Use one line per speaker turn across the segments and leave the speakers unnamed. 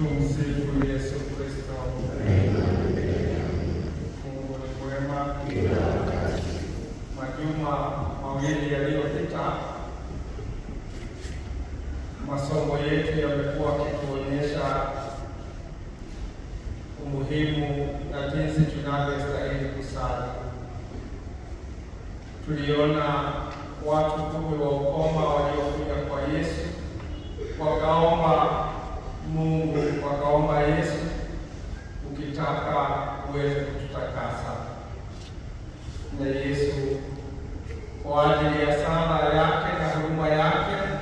Tumsifu Yesu Kristo. Mungu ni mwema yetu yamekuwa umuhimu na jinsi tunavyostahili kusali. Tuliona watu kumi wa ukoma waliokuja kwa Yesu wakaomba Mungu wakaomba Yesu, ukitaka uweze kututakasa. Na Yesu kwa ajili ya sala yake na huruma yake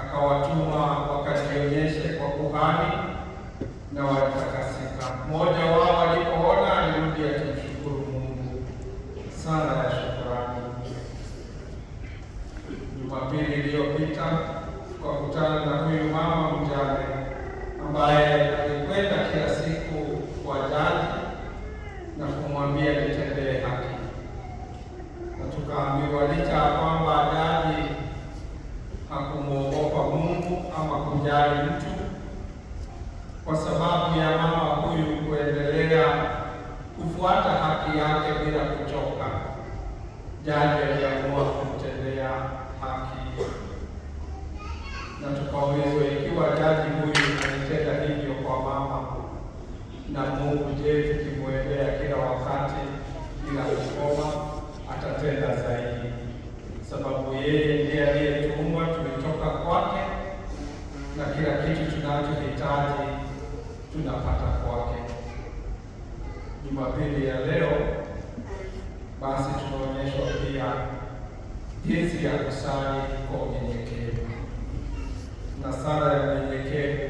akawatuma wakajionyeshe kwa kuhani na walitakasika. Mmoja wao alipoona alirudi akimshukuru Mungu sana Mungu yetu kimwendea kila wakati, kila ukoma atatenda zaidi, sababu yeye ndiye aliyetuumba, tumetoka kwake na kila kitu tunachohitaji tunapata kwake. Jumapili ya leo basi tunaonyeshwa pia jinsi ya kusali kwa unyenyekevu na sala ya unyenyekevu,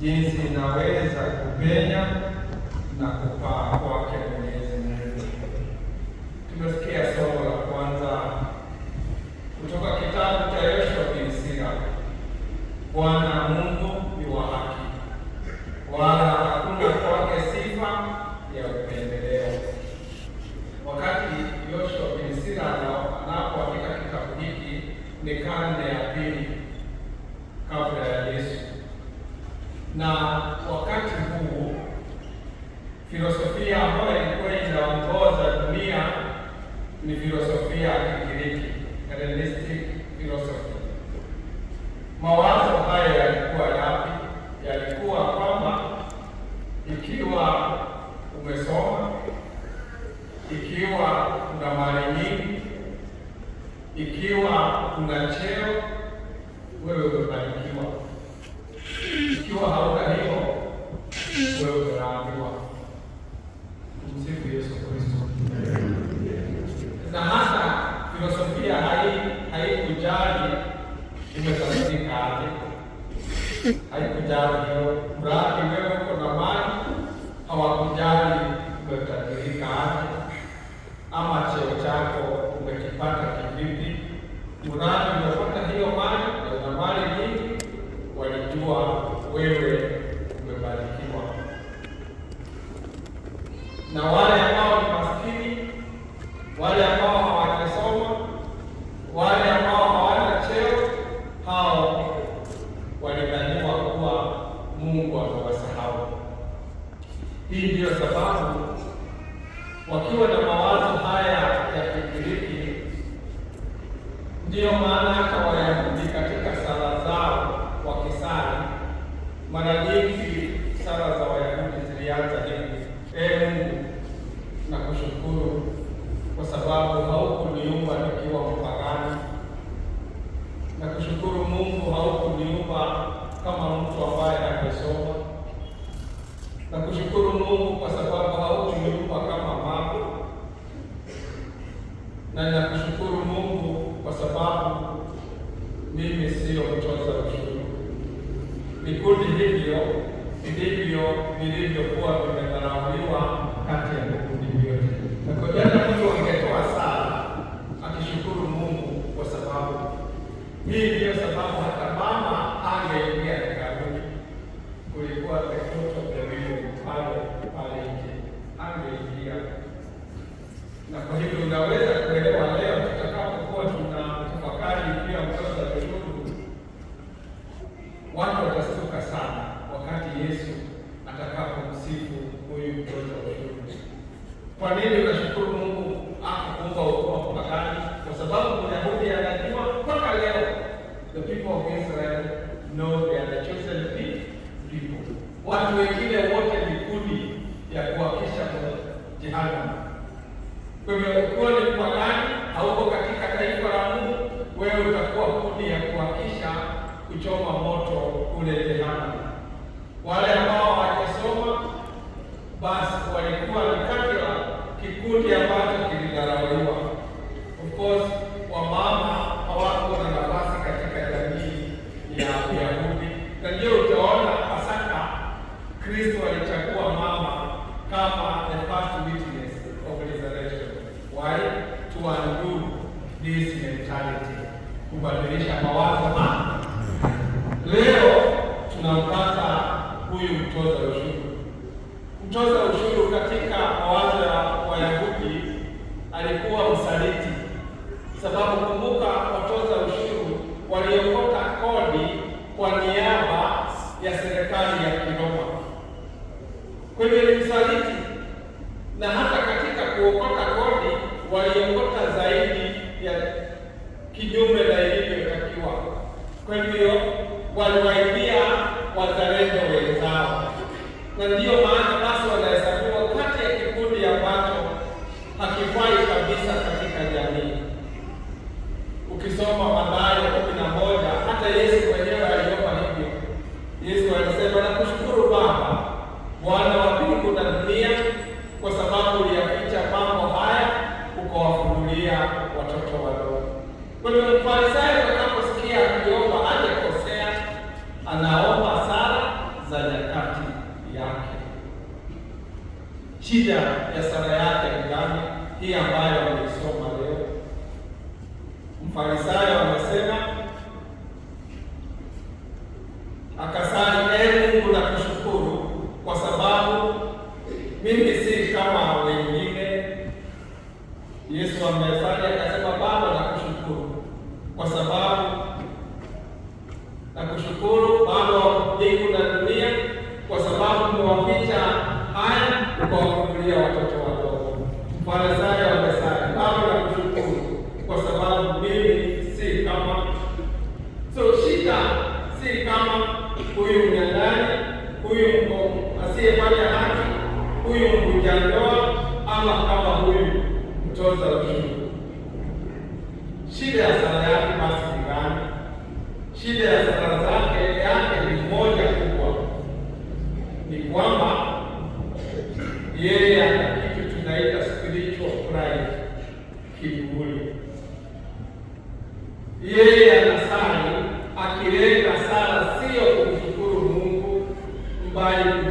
jinsi inaweza kupenya na kupaa kwake Mwenyezi Mungu. Tumesikia somo la kwanza kutoka kitabu cha Yoshua bin Sira. Bwana Mungu ni wa haki, wala hakuna kwake sifa ya upendeleo. Wakati Yoshua bin Sira anapoandika kitabu hiki ni karne ya pili kabla ya Yesu, na wakati huu filosofia ambayo ilikuwa inaongoza dunia ni filosofia ya Kigiriki, Hellenistic philosophy. Mawazo haya yalikuwa yapi? Yalikuwa kwamba ikiwa umesoma, ikiwa una mali nyingi, ikiwa una cheo yako umekipata kivipi? Mradi unapata hiyo mali na mali nyingi, walijua wewe kuna jinsi sala za Wayahudi zilianza watu wengine wote vikundi ya kuhakisha jehanamu. Umekuwa ni kwa nani, hauko katika taifa la Mungu, wewe utakuwa kundi ya kuhakisha kuchoma moto kule jehanamu. Wale ambao hawajasoma basi walikuwa ni kati ya kikundi this mentality, kubadilisha mawazo ma leo tunampata huyu mtoza ushuru. Mtoza ushuru katika mawazo ya Wayahudi alikuwa msaliti, sababu kumbuka, watoza ushuru waliokota kodi kwa niaba ya serikali Kwa hivyo waliwaibia wazalendo wenzao, na ndiyo maana basi wanahesabiwa kati ya kikundi ambacho hakifai kabisa katika jamii. Ukisoma Mathayo kumi na moja, hata Yesu mwenyewe aliomba hivyo. Yesu alisema, nakushukuru Baba, Bwana wa mbingu na dunia, kwa sababu uliyaficha mambo haya ukawafunulia watoto wadogo. hii ambayo wameisoma leo. Mfarisayo amesema akasali, ee Mungu nakushukuru kwa sababu mimi si kama wengine. Yesu amesali akasema, Baba nakushukuru kwa sababu nakushukuru Baba wa mbingu na dunia kwa sababu umewaficha haya ukawafunulia watoto wadogo. asiyefanya haki, huyu mvunja ndoa, ama kama huyu mtoza ushuru. Shida ya sala yake basi ni gani? Shida ya sala zake yake ni moja kubwa, ni kwamba yeye ana kitu tunaita spiritual pride, kiburi. Yeye anasali akilenga sala sio kumshukuru Mungu mbali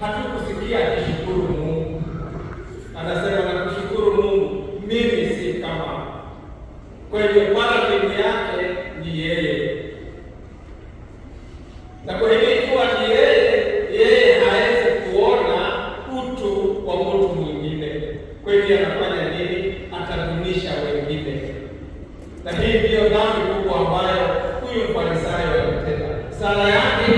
hatukusikia akishukuru Mungu. Anasema nakushukuru Mungu, mimi si kama kwenye parapeti yake ni yeye na kwenye kuwa ni yeye, yeye hawezi kuona utu wa mtu mwingine. Kwa hivyo anafanya nini? Atadunisha wengine, na hii ndiyo dhambi kubwa ambayo huyu Farisayo ametenda. Sala yake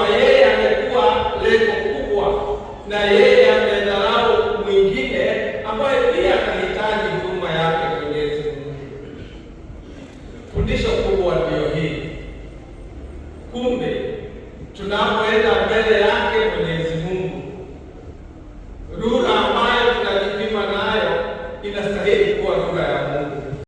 kwamba yeye amekuwa lengo kubwa na yeye amedharau mwingine ambaye pia anahitaji huduma yake Mwenyezi Mungu. Fundisho kubwa ndiyo hii, kumbe tunapoenda